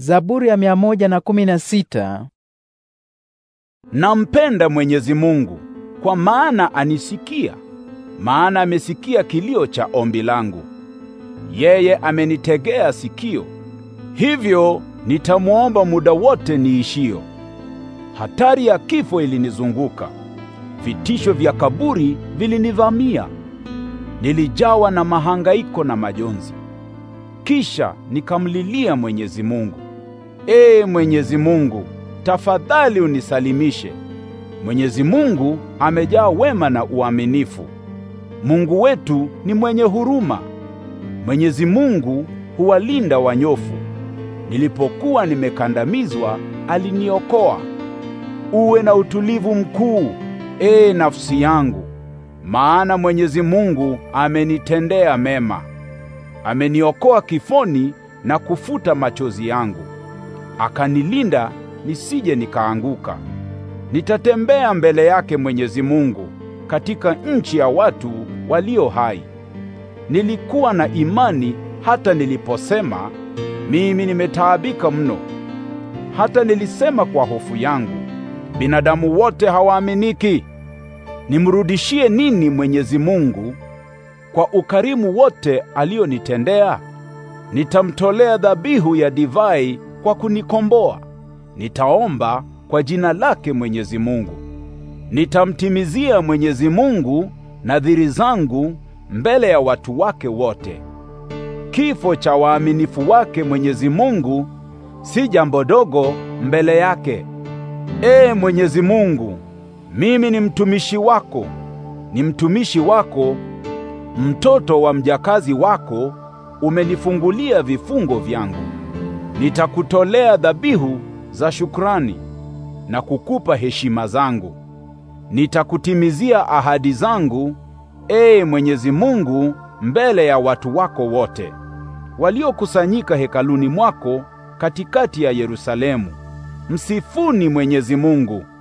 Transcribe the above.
Zaburi ya mia moja na kumi na sita. Nampenda Mwenyezi Mungu kwa maana anisikia, maana amesikia kilio cha ombi langu. Yeye amenitegea sikio, hivyo nitamwomba muda wote niishio. Hatari ya kifo ilinizunguka, vitisho vya kaburi vilinivamia. Nilijawa na mahangaiko na majonzi, kisha nikamlilia Mwenyezi Mungu. Ee Mwenyezi Mungu, tafadhali unisalimishe. Mwenyezi Mungu amejaa wema na uaminifu. Mungu wetu ni mwenye huruma. Mwenyezi Mungu huwalinda wanyofu. Nilipokuwa nimekandamizwa, aliniokoa. Uwe na utulivu mkuu, ee nafsi yangu, maana Mwenyezi Mungu amenitendea mema. Ameniokoa kifoni na kufuta machozi yangu akanilinda nisije nikaanguka. Nitatembea mbele yake Mwenyezi Mungu katika nchi ya watu walio hai. Nilikuwa na imani hata niliposema mimi nimetaabika mno. Hata nilisema kwa hofu yangu, binadamu wote hawaaminiki. Nimrudishie nini Mwenyezi Mungu kwa ukarimu wote alionitendea? Nitamtolea dhabihu ya divai kwa kunikomboa. Nitaomba kwa jina lake Mwenyezi Mungu. Nitamtimizia Mwenyezi Mungu nadhiri zangu mbele ya watu wake wote. Kifo cha waaminifu wake Mwenyezi Mungu si jambo dogo mbele yake. Ee Mwenyezi Mungu, mimi ni mtumishi wako, ni mtumishi wako, mtoto wa mjakazi wako, umenifungulia vifungo vyangu nitakutolea dhabihu za shukrani na kukupa heshima zangu. Nitakutimizia ahadi zangu, ee Mwenyezi Mungu, mbele ya watu wako wote waliokusanyika hekaluni mwako katikati ya Yerusalemu. Msifuni Mwenyezi Mungu.